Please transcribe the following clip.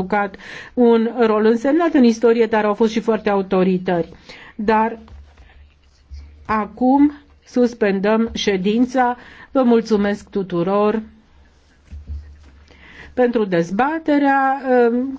jucat un rol însemnat în istorie, dar au fost și foarte autoritari. Dar acum suspendăm ședința. Vă mulțumesc tuturor pentru dezbaterea. Um,